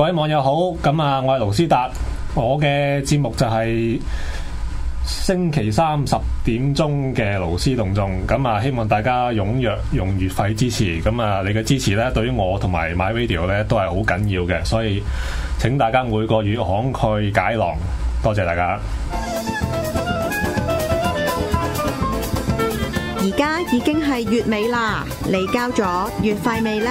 各位網友好，咁啊，我係盧斯達，我嘅節目就係星期三十點鐘嘅盧斯動眾，咁啊，希望大家踴躍用月費支持，咁啊，你嘅支持咧，對於我同埋 MyRadio 咧，都係好緊要嘅，所以請大家每個月慷慨解囊，多謝大家。而家已經係月尾啦，你交咗月費未呢？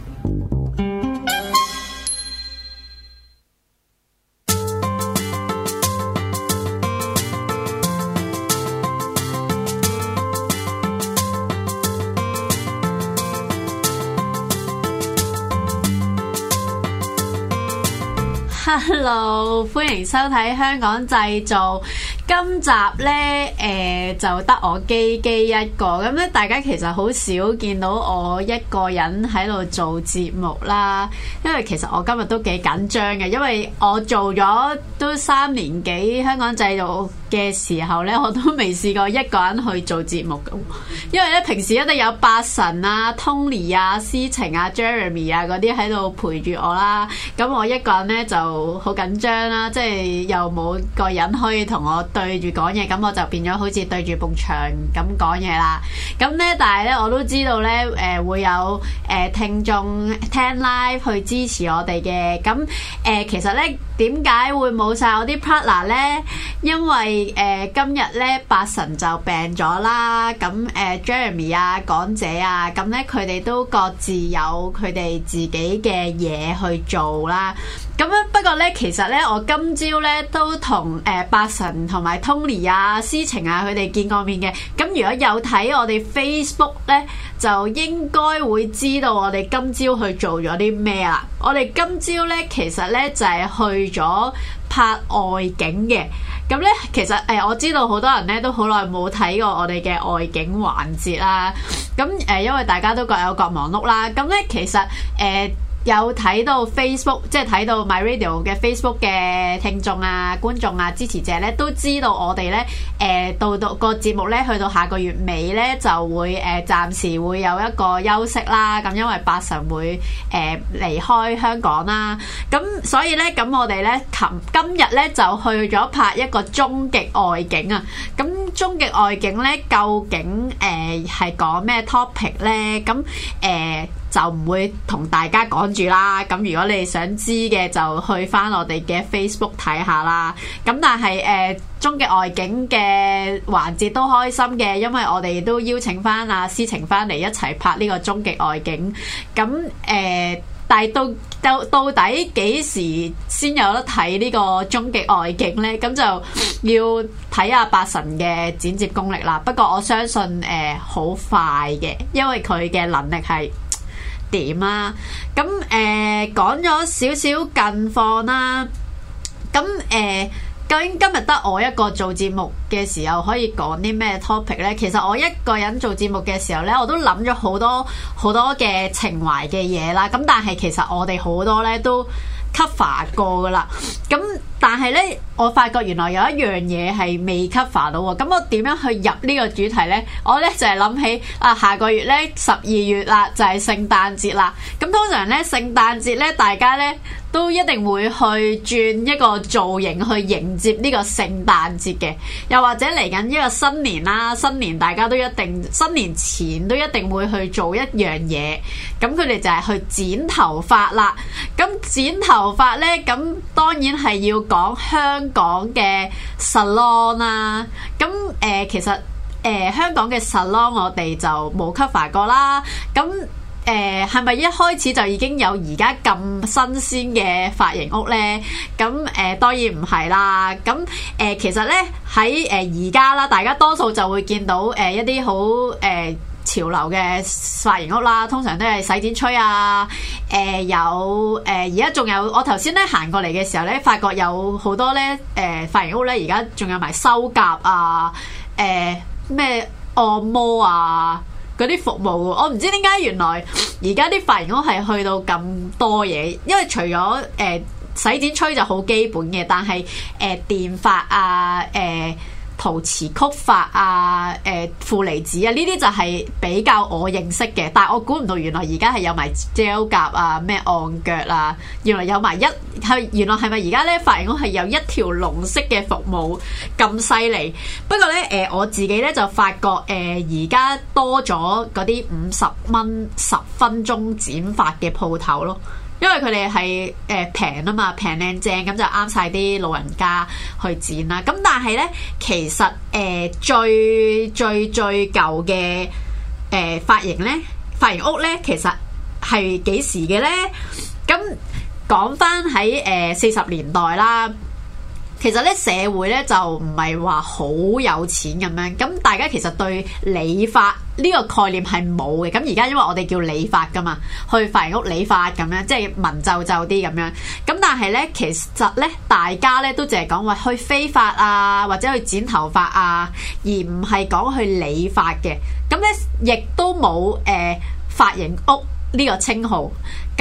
hello，歡迎收睇香港製造。今集呢誒、呃，就得我璣璣一個，咁咧大家其實好少見到我一個人喺度做節目啦。因為其實我今日都幾緊張嘅，因為我做咗都三年幾香港製造嘅時候咧，我都未試過一個人去做節目嘅，因為咧平時一定有八神啊、Tony 啊、思晴啊、Jeremy 啊啲喺度陪住我啦。咁我一個人咧就好緊張啦，即係又冇個人可以同我對住講嘢，咁我就變咗好似對住埲牆咁講嘢啦。咁咧，但係咧，我都知道咧，誒、呃、會有誒、呃、聽眾聽 live 去支持我哋嘅。咁誒、呃、其實咧點解會冇？冇曬我啲 partner 咧，因為誒今日咧，八神就病咗啦。咁誒，Jeremy 啊、港姐啊，咁咧佢哋都各自有佢哋自己嘅嘢去做啦。咁樣不過咧，其實咧，我今朝咧都同誒八神同埋 Tony 啊、思晴啊佢哋見過面嘅。咁如果有睇我哋 Facebook 咧，就應該會知道我哋今朝去做咗啲咩啦。我哋今朝咧，其實咧就係去咗，拍外景嘅，咁呢其實誒、哎、我知道好多人呢都好耐冇睇過我哋嘅外景環節啦，咁誒、呃、因為大家都各有各忙碌啦，咁呢其實誒。呃有睇到 Facebook，即係睇到 MyRadio 嘅 Facebook 嘅聽眾啊、觀眾啊、支持者咧，都知道我哋咧，誒、呃、到到、這個節目咧，去到下個月尾咧，就會誒呃、暫時會有一個休息啦。咁、嗯、因為八神會誒呃、離開香港啦，咁、嗯、所以咧，咁、嗯、我哋咧，琴、今日咧就去咗拍一個終極外景啊。咁終極外景咧，究竟誒係講咩 topic 咧？咁、嗯、誒？呃就唔會同大家講住啦。咁如果你想知嘅，就去翻我哋嘅 Facebook 睇下啦。咁但係誒、呃、終極外景嘅環節都開心嘅，因為我哋都邀請翻阿思晴翻嚟一齊拍呢個終極外景。咁誒、呃，但係到到到底幾時先有得睇呢個終極外景呢？咁就要睇阿八神嘅剪接功力啦。不過我相信誒好、呃、快嘅，因為佢嘅能力係。嗯、點啊？咁誒講咗少少近況啦。咁、嗯、誒、嗯，究竟今日得我一個做節目嘅時候，可以講啲咩 topic 呢？其實我一個人做節目嘅時候呢，我都諗咗好多好多嘅情懷嘅嘢啦。咁但係其實我哋好多呢都 cover 過噶啦。咁、嗯但係咧，我發覺原來有一樣嘢係未 cover 到喎。咁我點樣去入呢個主題呢？我呢就係諗起啊，下個月呢，十二月啦，就係聖誕節啦。咁通常呢，聖誕節呢，大家咧都一定會去轉一個造型去迎接呢個聖誕節嘅。又或者嚟緊呢個新年啦，新年大家都一定新年前都一定會去做一樣嘢。咁佢哋就係去剪頭髮啦。咁剪頭髮呢，咁當然係要。講香港嘅 salon 啦，咁、呃、誒其實誒、呃、香港嘅 salon 我哋就冇 cover 過啦，咁誒係咪一開始就已經有而家咁新鮮嘅髮型屋呢？咁誒、呃、當然唔係啦，咁誒、呃、其實呢，喺誒而家啦，大家多數就會見到誒一啲好誒。呃潮流嘅髮型屋啦，通常都係洗剪吹啊，誒、呃、有誒而家仲有，我頭先咧行過嚟嘅時候咧，發覺有好多咧誒、呃、髮型屋咧，而家仲有埋修甲啊，誒、呃、咩按摩啊嗰啲服務，我唔知點解原來而家啲髮型屋係去到咁多嘢，因為除咗誒、呃、洗剪吹就好基本嘅，但係誒、呃、電髮啊誒。呃陶瓷曲髮啊，誒、呃、負離子啊，呢啲就係比較我認識嘅。但係我估唔到原來而家係有埋 gel 甲啊，咩按腳啊，原來有埋一係原來係咪而家咧發現我係有一條龍式嘅服務咁犀利。不過咧誒、呃，我自己咧就發覺誒而家多咗嗰啲五十蚊十分鐘剪髮嘅鋪頭咯。因為佢哋係誒平啊嘛，平靚正咁就啱晒啲老人家去剪啦。咁但係咧，其實誒、呃、最最最舊嘅誒、呃、髮型咧，髮型屋咧，其實係幾時嘅咧？咁講返喺誒四十年代啦。其實咧，社會咧就唔係話好有錢咁樣，咁大家其實對理髮呢個概念係冇嘅。咁而家因為我哋叫理髮㗎嘛，去髮型屋理髮咁樣，即係文皺皺啲咁樣。咁但係咧，其實咧，大家咧都淨係講話去飛髮啊，或者去剪頭髮啊，而唔係講去理髮嘅。咁咧亦都冇誒髮型屋呢個稱號。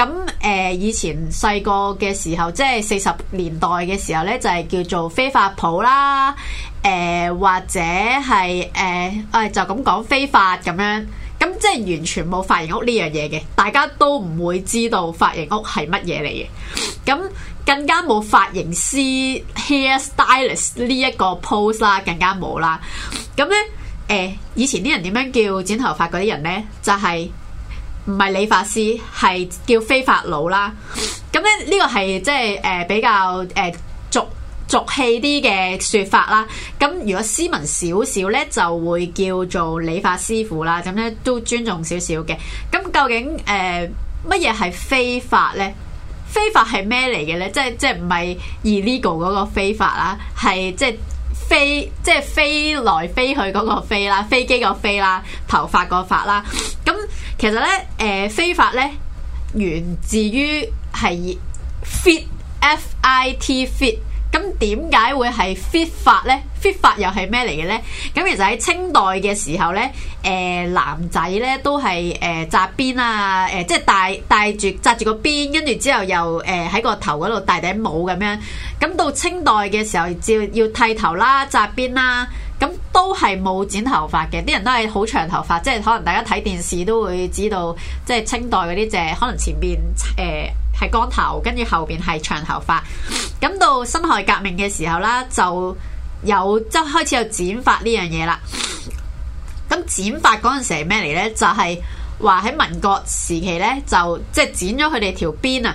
咁誒、呃，以前細個嘅時候，即係四十年代嘅時候咧，就係、是、叫做飛髮舖啦，誒、呃、或者係誒，誒、呃、就咁講飛髮咁樣，咁即係完全冇髮型屋呢樣嘢嘅，大家都唔會知道髮型屋係乜嘢嚟嘅，咁更加冇髮型師 hair stylist 呢一個 pose 啦，更加冇啦。咁咧誒，以前啲人點樣叫剪頭髮嗰啲人咧，就係、是。唔係理髮師，係叫飛髮佬啦。咁咧呢個係即係誒比較誒俗俗氣啲嘅説法啦。咁如果斯文少少咧，就會叫做理髮師傅啦。咁咧都尊重少少嘅。咁究竟誒乜嘢係飛髮咧？飛髮係咩嚟嘅咧？即係即係唔係 illegal 嗰個非法啦？係即係。飛，即係飛來飛去嗰個飛啦，飛機個飛啦，頭髮個髮啦。咁其實咧，誒、呃、飛法咧源自於係 fit，f i t fit。咁點解會係 fit 法呢？fit 法又係咩嚟嘅呢？咁其實喺清代嘅時候、呃、呢，誒男仔呢都係誒紮辮啊，誒即係戴戴住紮住個辮，跟住之後又誒喺、呃、個頭嗰度戴頂帽咁樣。咁到清代嘅時候，照要剃頭啦，紮辮啦，咁都係冇剪頭髮嘅。啲人都係好長頭髮，即係可能大家睇電視都會知道，即係清代嗰啲隻可能前邊誒係光頭，跟住後邊係長頭髮。咁到辛亥革命嘅時候啦，就有即開始有剪髮呢樣嘢啦。咁剪髮嗰陣時係咩嚟呢？就係話喺民國時期呢，就即係、就是、剪咗佢哋條辮啊，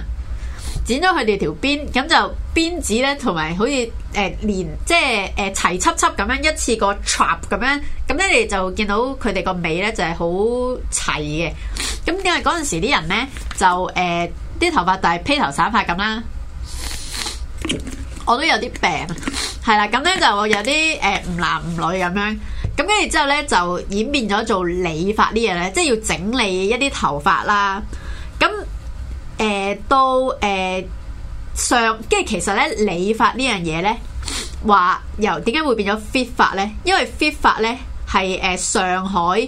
剪咗佢哋條辮，咁就辮子呢？同埋好似誒、呃、連即係誒齊緝緝咁樣一次過 trap 咁樣，咁咧你就見到佢哋個尾呢，就係好齊嘅。咁因為嗰陣時啲人呢，就誒啲、呃、頭髮就係披頭散髮咁啦。我都有啲病，係 啦，咁咧就有啲誒唔男唔女咁樣，咁跟住之後咧就演變咗做理髮呢樣嘢咧，即係要整理一啲頭髮啦。咁誒、呃、到誒、呃、上，即係其實咧理髮呢樣嘢咧，話又點解會變咗 fit 發咧？因為 fit 發咧係誒上海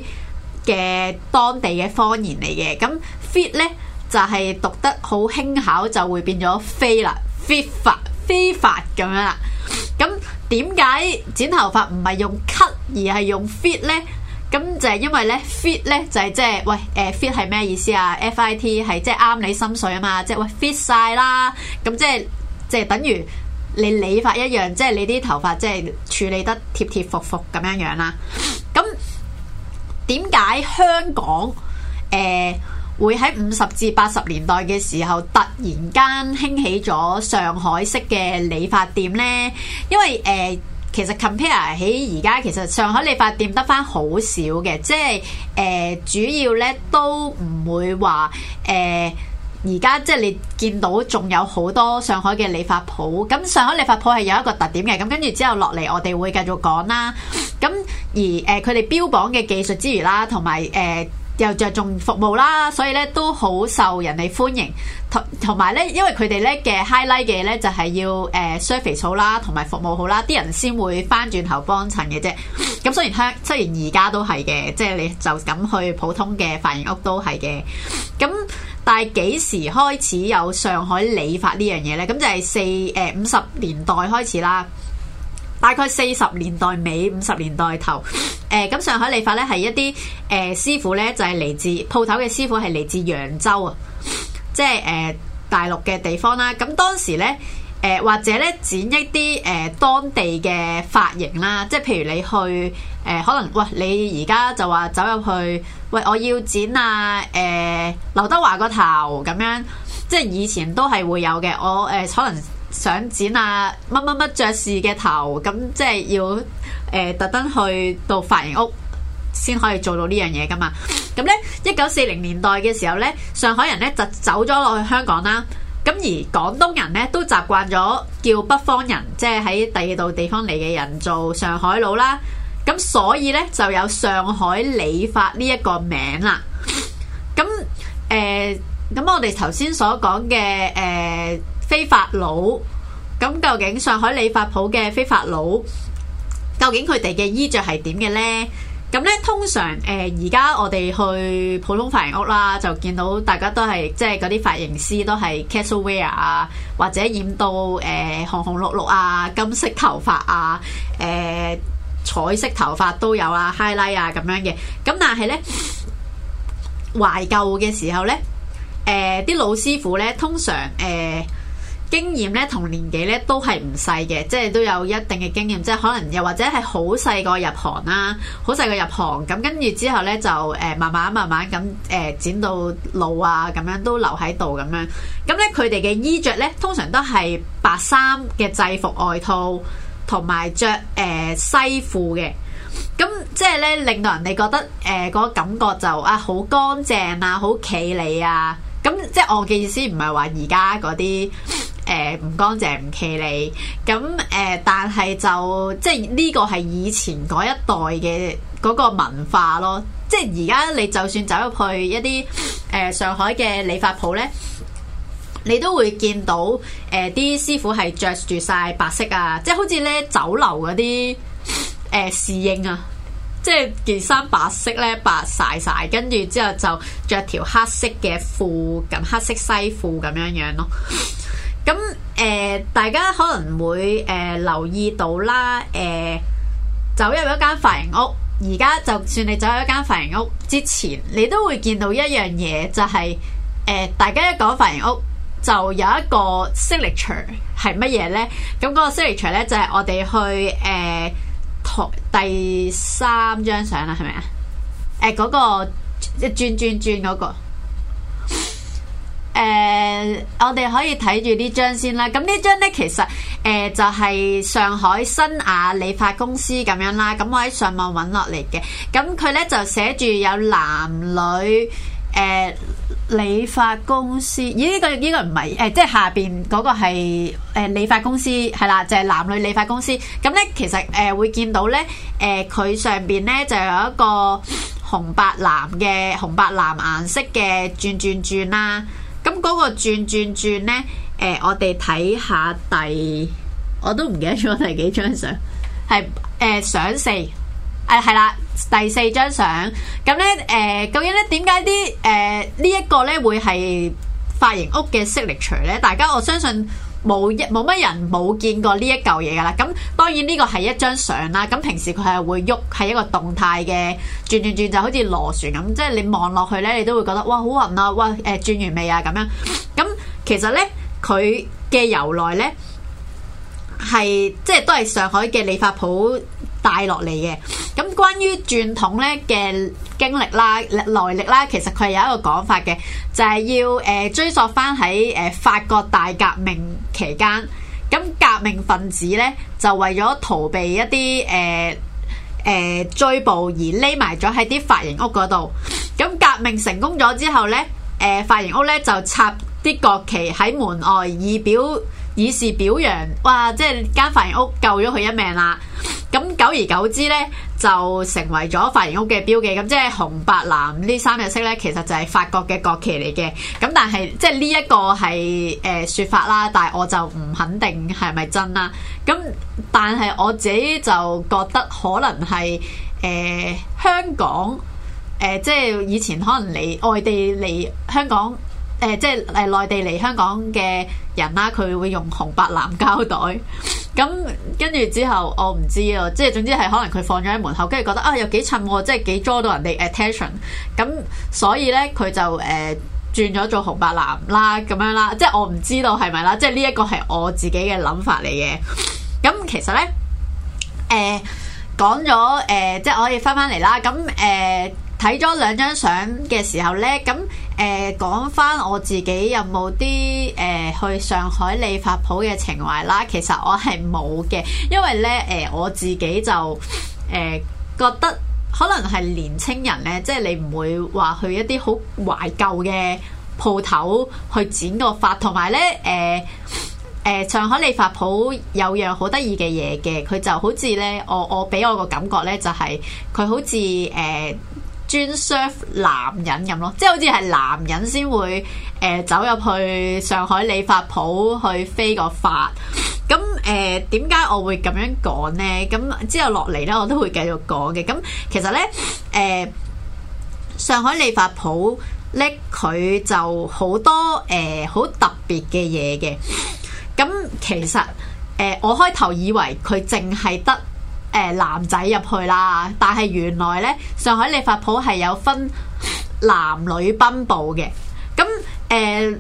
嘅當地嘅方言嚟嘅，咁 fit 咧就係、是、讀得好輕巧，就會變咗飛啦。fit 法非法咁樣啦，咁點解剪頭髮唔係用 cut 而係用 fit 咧？咁就係因為咧 fit 咧就係即係喂誒、呃、fit 係咩意思啊？fit 係即係啱你心水啊嘛，即係，喂，fit 晒啦，咁即係即係等於你理髮一樣，即係，你啲頭髮即係處理得貼貼服服咁樣樣啦。咁點解香港誒？呃會喺五十至八十年代嘅時候，突然間興起咗上海式嘅理髮店呢？因為誒、呃，其實 compare 起而家，其實上海理髮店得返好少嘅，即係誒、呃、主要呢都唔會話誒而家即係你見到仲有好多上海嘅理髮鋪。咁上海理髮鋪係有一個特點嘅。咁跟住之後落嚟，我哋會繼續講啦。咁而誒佢哋標榜嘅技術之餘啦，同埋誒。呃又着重服務啦，所以咧都好受人哋歡迎同同埋咧，因為佢哋咧嘅 highlight 嘅咧就係要誒 service 好啦，同埋服務好啦，啲人先會翻轉頭幫襯嘅啫。咁雖然香，雖然而家都係嘅，即係你就咁去普通嘅髮型屋都係嘅。咁但係幾時開始有上海理髮呢樣嘢咧？咁就係四誒五十年代開始啦。大概四十年代尾，五十年代頭，誒、呃、咁上海理髮呢係一啲誒、呃、師傅呢就係、是、嚟自鋪頭嘅師傅係嚟自揚州、呃、啊，即係誒大陸嘅地方啦。咁當時呢，誒、呃、或者呢剪一啲誒、呃、當地嘅髮型啦，即係譬如你去誒、呃、可能、呃、你喂，你而家就話走入去喂，我要剪啊，誒、呃、劉德華個頭咁樣，即係以前都係會有嘅。我誒、呃、可能。想剪啊乜乜乜爵士嘅頭，咁即係要誒、呃、特登去到髮型屋先可以做到呢樣嘢噶嘛？咁呢，一九四零年代嘅時候呢，上海人呢就走咗落去香港啦。咁而廣東人呢，都習慣咗叫北方人，即係喺第二度地方嚟嘅人做上海佬啦。咁所以呢，就有上海理髮呢一個名啦。咁誒，咁、呃、我哋頭先所講嘅誒。呃飛髮佬咁，究竟上海理髮鋪嘅飛髮佬究竟佢哋嘅衣着係點嘅呢？咁呢，通常誒，而、呃、家我哋去普通髮型屋啦，就見到大家都係即係嗰啲髮型師都係 casual wear 啊，或者染到誒、呃、紅紅綠綠啊，金色頭髮啊，誒、呃、彩色頭髮都有啊，highlight 啊咁樣嘅。咁但係呢，懷舊嘅時候呢，啲、呃、老師傅呢，通常誒。呃經驗咧同年紀咧都係唔細嘅，即係都有一定嘅經驗。即係可能又或者係好細個入行啦，好細個入行咁跟住之後咧就誒慢慢慢慢咁誒、呃、剪到老啊，咁樣都留喺度咁樣。咁咧佢哋嘅衣着咧通常都係白衫嘅制服外套，同埋着誒西褲嘅。咁、嗯、即係咧令到人哋覺得誒嗰、呃那個感覺就啊好乾淨啊，好企理啊。咁、嗯、即係我嘅意思唔係話而家嗰啲。 誒唔、呃、乾淨唔企理，咁誒、呃、但係就即係呢個係以前嗰一代嘅嗰個文化咯。即係而家你就算走入去一啲誒、呃、上海嘅理髮舖呢，你都會見到誒啲、呃、師傅係着住晒白色啊，即係好似呢酒樓嗰啲誒侍應啊，即係件衫白色呢，白晒晒，跟住之後就着條黑色嘅褲，咁黑色西褲咁樣樣咯。咁誒、呃，大家可能會誒、呃、留意到啦，誒、呃，走入一間髮型屋，而家就算你走入一間髮型屋之前，你都會見到一樣嘢，就係、是、誒、呃，大家一講髮型屋就有一個 signature 係乜嘢呢？咁、那、嗰個 signature 呢，就係我哋去誒同第三張相啦，係咪啊？誒、呃，嗰個一轉轉轉嗰個。誒、呃，我哋可以睇住呢張先啦。咁呢張呢，其實誒、呃、就係、係、上海新雅理髮公司咁樣啦。咁我喺上網揾落嚟嘅。咁佢呢就寫住有男女誒、呃、理髮公司。咦、呃？呢、呢個呢、呢個唔係誒，即係下邊嗰個係、呃、理髮公司係啦，就係、係、男女理髮公司。咁呢，其實誒、呃、會見到呢，誒、呃、佢上邊呢就有一個紅白藍嘅紅白藍顏色嘅轉轉轉啦。咁嗰個轉轉轉咧、呃，我哋睇下第，我都唔記得咗第幾張相，係誒、呃，相四，誒係啦，第四張相。咁呢，誒、呃，究竟咧點解啲誒呢一、呃這個咧會係髮型屋嘅飾力除呢？大家我相信。冇一冇乜人冇見過呢一嚿嘢㗎啦，咁當然呢個係一張相啦。咁平時佢係會喐，係一個動態嘅轉轉轉，就好似螺旋咁，即係你望落去呢，你都會覺得哇好暈啊！哇誒、欸、轉完未啊咁樣。咁其實呢，佢嘅由來呢，係即係都係上海嘅理髮鋪，帶落嚟嘅，咁關於轉筒咧嘅經歷啦、來歷啦，其實佢係有一個講法嘅，就係、是、要誒、呃、追溯翻喺誒法國大革命期間，咁革命分子咧就為咗逃避一啲誒誒追捕而匿埋咗喺啲髮型屋嗰度，咁革命成功咗之後咧，誒髮型屋咧就插啲國旗喺門外以表。以示表揚，哇！即係間髮型屋救咗佢一命啦。咁久而久之呢，就成為咗髮型屋嘅標記。咁即係紅白藍呢三隻色呢，其實就係法國嘅國旗嚟嘅。咁但係即係呢一個係誒説法啦，但係我就唔肯定係咪真啦。咁但係我自己就覺得可能係誒、呃、香港誒、呃，即係以前可能你外地嚟香港。誒、呃，即係誒，內地嚟香港嘅人啦，佢、啊、會用紅白藍膠袋，咁跟住之後我唔知啊，啊，即係總之係可能佢放咗喺門口，跟住覺得啊又幾襯，即係幾 draw 到人哋 attention，咁所以咧佢就誒轉咗做紅白藍啦，咁樣啦，即係我唔知道係咪啦，即係呢一個係我自己嘅諗法嚟嘅。咁其實咧，誒講咗誒，即係我可以翻翻嚟啦。咁誒睇咗兩張相嘅時候咧，咁。誒講返我自己有冇啲誒去上海理髮舖嘅情懷啦？其實我係冇嘅，因為呢，誒、呃、我自己就誒、呃、覺得可能係年青人呢，即係你唔會話去一啲好懷舊嘅鋪頭去剪個髮，同埋呢，誒、呃、誒、呃、上海理髮舖有樣好得意嘅嘢嘅，佢就好似呢，我我俾我個感覺呢，就係、是、佢好似誒，呃專 serve 男人咁咯，即係好似係男人先會誒、呃、走入去上海理髮鋪去飛個髮。咁誒，點、呃、解我會咁樣講呢？咁之後落嚟呢，我都會繼續講嘅。咁其實呢，誒、呃，上海理髮鋪呢，佢就好多誒好、呃、特別嘅嘢嘅。咁其實誒、呃，我開頭以為佢淨係得。誒，男仔入去啦，但係原來呢，上海理髮舖係有分男女賓部嘅。咁誒，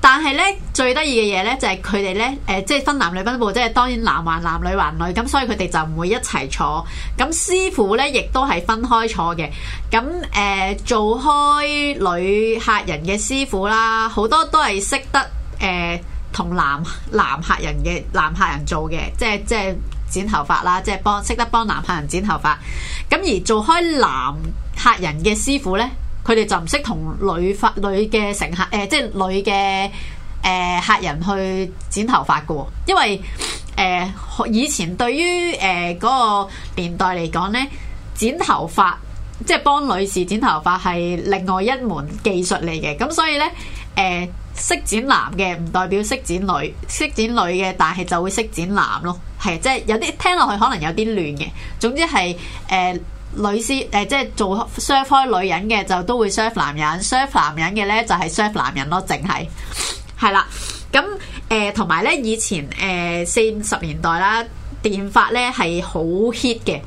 但係呢，最得意嘅嘢呢，就係佢哋呢，誒，即係分男女賓部，即係當然男還男女還女，咁所以佢哋就唔會一齊坐。咁師傅呢，亦都係分開坐嘅。咁誒，做開女客人嘅師傅啦，好多都係識得誒同男男客人嘅男客人做嘅，即係即係。剪頭髮啦，即係幫識得幫男客人剪頭髮。咁而做開男客人嘅師傅呢，佢哋就唔識同女發女嘅乘客誒、呃，即係女嘅誒、呃、客人去剪頭髮噶。因為誒、呃、以前對於誒嗰個年代嚟講呢，剪頭髮即係幫女士剪頭髮係另外一門技術嚟嘅。咁所以呢。誒、呃。識剪男嘅唔代表識剪女，識剪女嘅但係就會識剪男咯，係即係有啲聽落去可能有啲亂嘅。總之係誒、呃、女士，誒、呃、即係做 serve 開女人嘅就都會 serve 男人，serve 男人嘅咧就係、是、serve 男人咯，淨係係啦。咁誒同埋咧以前誒四五十年代啦。電髮咧係好 hit 嘅，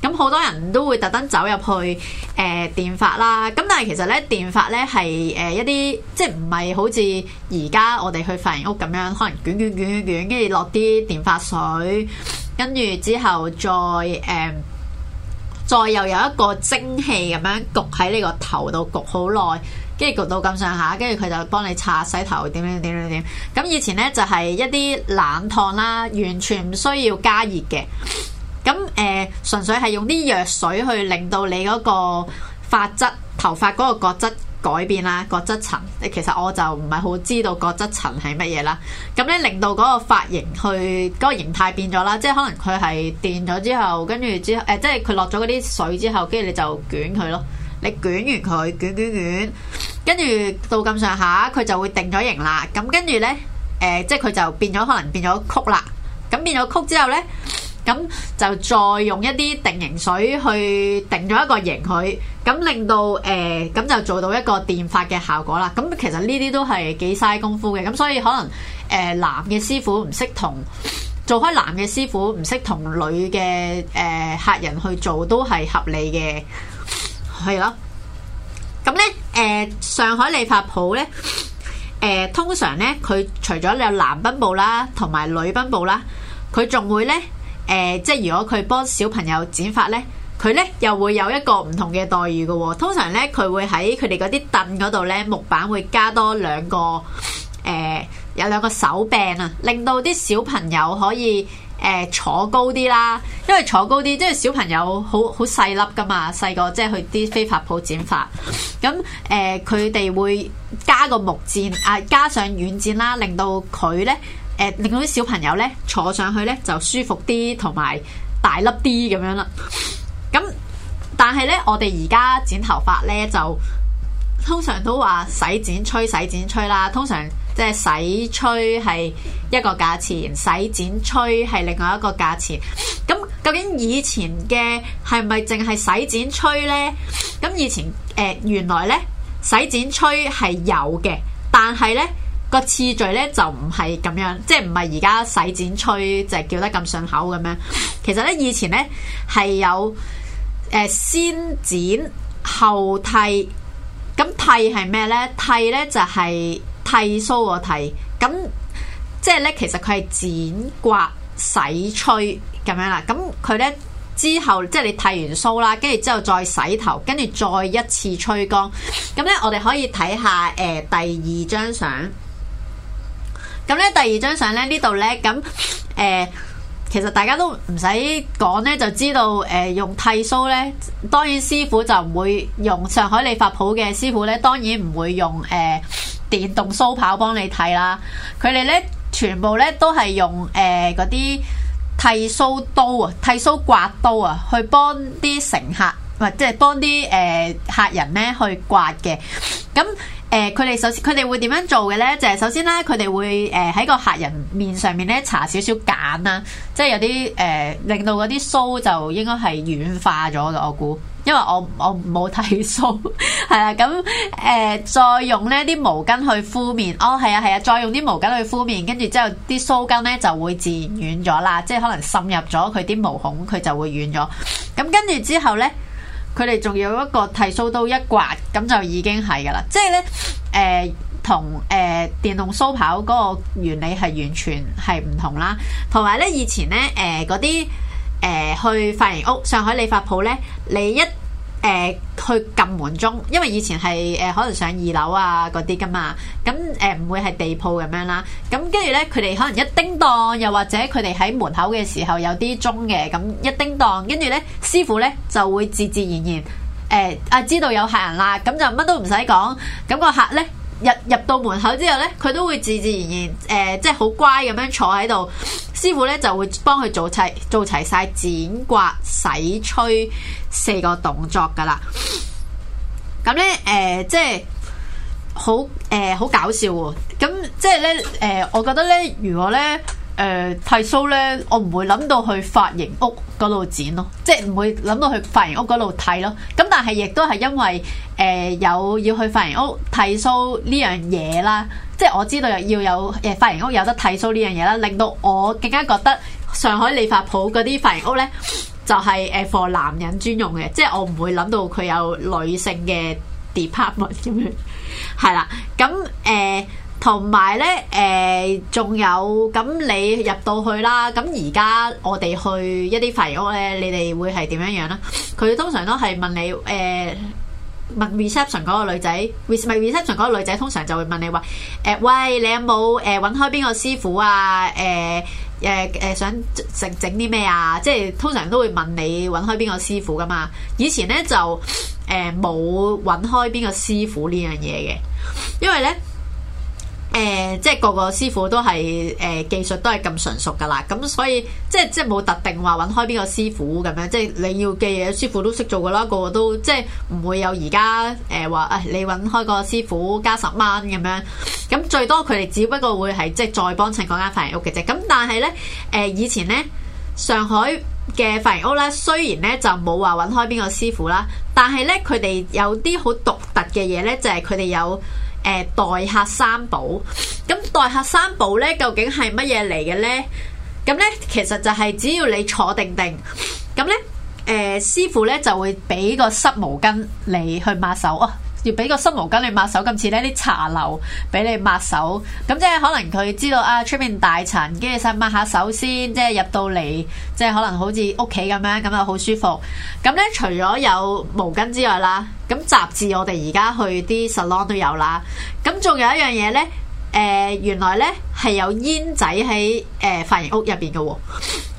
咁好多人都會特登走入去誒、呃、電髮啦。咁但係其實咧電髮咧係誒一啲即係唔係好似而家我哋去髮型屋咁樣，可能捲卷卷卷卷，卷，跟住落啲電髮水，跟住之後再誒、呃、再又有一個蒸汽咁樣焗喺呢個頭度焗好耐。跟住焗到咁上下，跟住佢就幫你擦洗頭，點點點點點。咁以前呢，就係一啲冷燙啦，完全唔需要加熱嘅。咁誒，純粹係用啲藥水去令到你嗰個髮質、頭髮嗰個角質改變啦，角質層。其實我就唔係好知道角質層係乜嘢啦。咁咧令到嗰個髮型去嗰個形態變咗啦，即係可能佢係電咗之後，跟住之後誒，即係佢落咗嗰啲水之後，跟住你就捲佢咯。你捲完佢，捲捲捲。跟住到咁上下，佢就會定咗型啦。咁跟住呢，誒，即係佢就變咗，可能變咗曲啦。咁變咗曲之後呢，咁就再用一啲定型水去定咗一個型佢，咁令到誒，咁就做到一個電髮嘅效果啦。咁其實呢啲都係幾嘥功夫嘅。咁所以可能誒男嘅師傅唔識同做開男嘅師傅唔識同女嘅誒客人去做都係合理嘅，係咯。咁呢？誒、呃、上海理髮舖咧，誒、呃、通常咧佢除咗有男賓部啦，同埋女賓部啦，佢仲會咧誒、呃，即係如果佢幫小朋友剪髮咧，佢咧又會有一個唔同嘅待遇嘅喎、哦。通常咧佢會喺佢哋嗰啲凳嗰度咧木板會加多兩個誒、呃，有兩個手柄啊，令到啲小朋友可以，誒、呃、坐高啲啦，因為坐高啲，即係小朋友好好細粒噶嘛，細個即係去啲飛髮舖剪髮，咁誒佢哋會加個木墊啊、呃，加上軟墊啦，令到佢咧誒令到啲小朋友咧坐上去咧就舒服啲同埋大粒啲咁樣啦。咁但係咧，我哋而家剪頭髮咧就通常都話洗剪吹洗剪吹啦，通常。即係洗吹係一個價錢，洗剪吹係另外一個價錢。咁、嗯、究竟以前嘅係咪淨係洗剪吹呢？咁、嗯、以前誒、呃，原來呢，洗剪吹係有嘅，但係呢個次序呢就唔係咁樣，即係唔係而家洗剪吹就係叫得咁順口咁樣。其實呢，以前呢係有、呃、先剪後剃。咁、嗯、剃係咩呢？剃呢就係、是。剃鬚嗰個剃，咁即係呢，其實佢係剪刮洗吹咁樣啦。咁佢呢，之後即係你剃完鬚啦，跟住之後再洗頭，跟住再一次吹乾。咁呢，我哋可以睇下誒、呃、第二張相。咁呢，第二張相呢，呢度呢，咁、呃、誒，其實大家都唔使講呢，就知道誒、呃、用剃鬚呢，當然師傅就唔會用上海理髮鋪嘅師傅呢，當然唔會用誒。呃電動鬚刨幫你剃啦，佢哋咧全部咧都係用誒嗰啲剃鬚刀啊、剃鬚刮刀啊，去幫啲乘客，唔係即係幫啲誒客人咧去刮嘅。咁誒，佢、呃、哋首先，佢哋會點樣做嘅咧？就係、是、首先咧，佢哋會誒喺、呃、個客人面上面咧搽少少鹼啦，即係有啲誒、呃、令到嗰啲鬚就應該係軟化咗咯，我估。因為我我冇剃鬚，係 啦、啊，咁誒再用呢啲毛巾去敷面，哦係啊係啊，再用啲毛巾去敷面，跟住之後啲鬚根咧就會自然軟咗啦，即係可能滲入咗佢啲毛孔，佢就會軟咗。咁跟住之後咧，佢哋仲要一個剃鬚刀一刮，咁就已經係㗎啦，即係咧誒同誒電動鬚刨嗰個原理係完全係唔同啦，同埋咧以前咧誒嗰啲。呃誒、呃、去髮型屋，上海理髮鋪呢，你一誒、呃、去撳門鐘，因為以前係誒、呃、可能上二樓啊嗰啲噶嘛，咁誒唔會係地鋪咁樣啦。咁跟住呢，佢哋可能一叮當，又或者佢哋喺門口嘅時候有啲鐘嘅，咁一叮當，跟住呢，師傅呢就會自自然然誒、呃、啊知道有客人啦，咁就乜都唔使講，咁、那個客呢。入入到門口之後呢，佢都會自自然然誒、呃，即係好乖咁樣坐喺度。師傅呢就會幫佢做齊做齊晒剪、刮、洗、吹四個動作㗎喇。咁呢，誒、呃，即係好誒好搞笑喎。咁即係呢，誒、呃，我覺得呢，如果呢。誒、呃、剃鬚咧，我唔會諗到去髮型屋嗰度剪咯，即係唔會諗到去髮型屋嗰度剃咯。咁但係亦都係因為誒、呃、有要去髮型屋剃鬚呢樣嘢啦，即係我知道有要有誒髮型屋有得剃鬚呢樣嘢啦，令到我更加覺得上海理髮鋪嗰啲髮型屋咧就係、是、for、呃、男人專用嘅，即係我唔會諗到佢有女性嘅 department 咁樣係啦。咁 誒。同埋咧，誒仲有咁、嗯嗯、你入到去啦。咁而家我哋去一啲髮屋咧，你哋會係點樣樣咧？佢通常都係問你，誒、嗯、問 reception 嗰個女仔，re reception 嗰個女仔通常就會問你話：誒、嗯，喂，你有冇誒揾開邊個師傅啊？誒誒誒想整整啲咩啊？即係通常都會問你揾開邊個師傅噶嘛。以前咧就誒冇揾開邊個師傅呢樣嘢嘅，因為咧。誒、呃，即係個個師傅都係誒、呃、技術都係咁純熟噶啦，咁所以即係即係冇特定話搵開邊個師傅咁樣，即係你要嘅嘢師傅都識做噶啦，個個都即係唔會有而家誒話誒你搵開個師傅加十蚊咁樣，咁最多佢哋只不過會係即係再幫襯嗰間髮型屋嘅啫，咁但係呢，誒、呃、以前呢上海嘅髮型屋呢，雖然呢就冇話搵開邊個師傅啦，但係呢，佢哋有啲好獨特嘅嘢呢，就係佢哋有。誒、呃，代客三寶，咁、嗯、代客三寶呢，究竟係乜嘢嚟嘅呢？咁、嗯、呢，其實就係只要你坐定定，咁、嗯、呢，誒、嗯呃，師傅呢，就會俾個濕毛巾你去抹手啊。哦要俾個新毛巾你抹手咁，似呢啲茶樓俾你抹手，咁即係可能佢知道啊，出面大塵，跟住先抹下手先，即係入到嚟，即係可能好似屋企咁樣，咁啊好舒服。咁呢，除咗有毛巾之外啦，咁雜誌我哋而家去啲 salon 都有啦。咁仲有一樣嘢呢，誒、呃、原來呢係有煙仔喺誒、呃、髮型屋入邊嘅喎。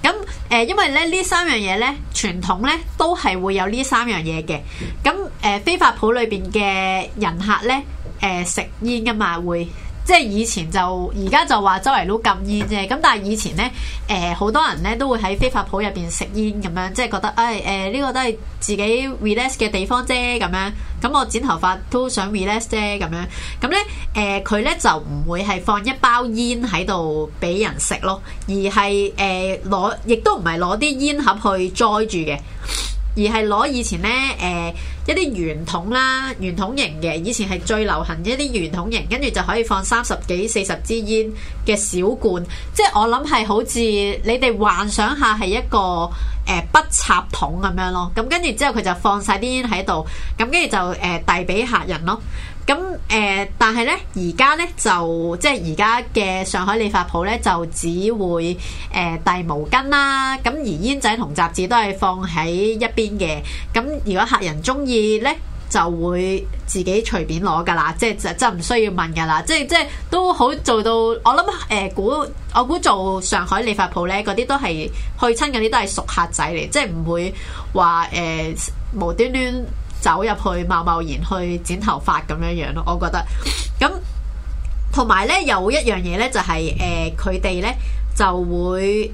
咁誒、呃，因為咧呢三樣嘢咧，傳統咧都係會有呢三樣嘢嘅。咁誒、呃，理髮舖裏邊嘅人客咧，誒、呃、食煙㗎嘛會。即係以前就而家就話周圍都禁煙啫，咁但係以前呢，誒、呃、好多人呢都會喺飛髮鋪入邊食煙咁樣，即係覺得誒誒呢個都係自己 relax 嘅地方啫咁樣。咁我剪頭髮都想 relax 啫咁樣。咁、呃、呢，誒佢呢就唔會係放一包煙喺度俾人食咯，而係誒攞，亦都唔係攞啲煙盒去載住嘅。而係攞以前呢，誒、呃、一啲圓筒啦，圓筒型嘅，以前係最流行嘅一啲圓筒型，跟住就可以放三十幾、四十支煙嘅小罐，即係我諗係好似你哋幻想下係一個誒、呃、筆插桶咁樣咯。咁跟住之後佢就放晒啲煙喺度，咁跟住就誒、呃、遞俾客人咯。咁誒、呃，但係咧，而家咧就即係而家嘅上海理髮鋪咧，就只會誒遞、呃、毛巾啦。咁而煙仔同雜誌都係放喺一邊嘅。咁如果客人中意咧，就會自己隨便攞㗎啦，即係就真唔需要問㗎啦。即係即係都好做到。我諗誒、呃，估我估做上海理髮鋪咧，嗰啲都係去親嗰啲都係熟客仔嚟，即係唔會話誒、呃、無端端。走入去貿貿然去剪頭髮咁樣樣咯，我覺得咁同埋咧有一樣嘢咧就係誒佢哋咧就會誒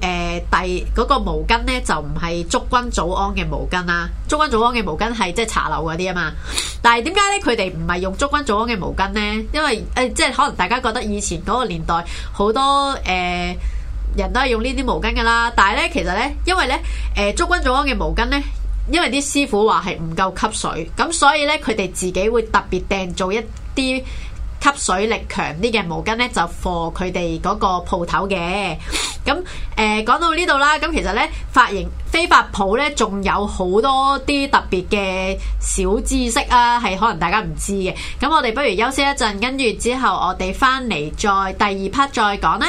遞嗰個毛巾咧就唔係祝君早安嘅毛巾啦，祝君早安嘅毛巾係即係茶樓嗰啲啊嘛，但係點解咧佢哋唔係用祝君早安嘅毛巾咧？因為誒、呃、即係可能大家覺得以前嗰個年代好多誒、呃、人都係用呢啲毛巾噶啦，但係咧其實咧因為咧誒祝君早安嘅毛巾咧。因為啲師傅話係唔夠吸水，咁所以呢，佢哋自己會特別訂做一啲吸水力強啲嘅毛巾呢就貨佢哋嗰個鋪頭嘅。咁誒講到呢度啦，咁其實呢，髮型飛髮舖呢仲有好多啲特別嘅小知識啊，係可能大家唔知嘅。咁我哋不如休息一陣，跟住之後我哋翻嚟再第二 part 再講啦。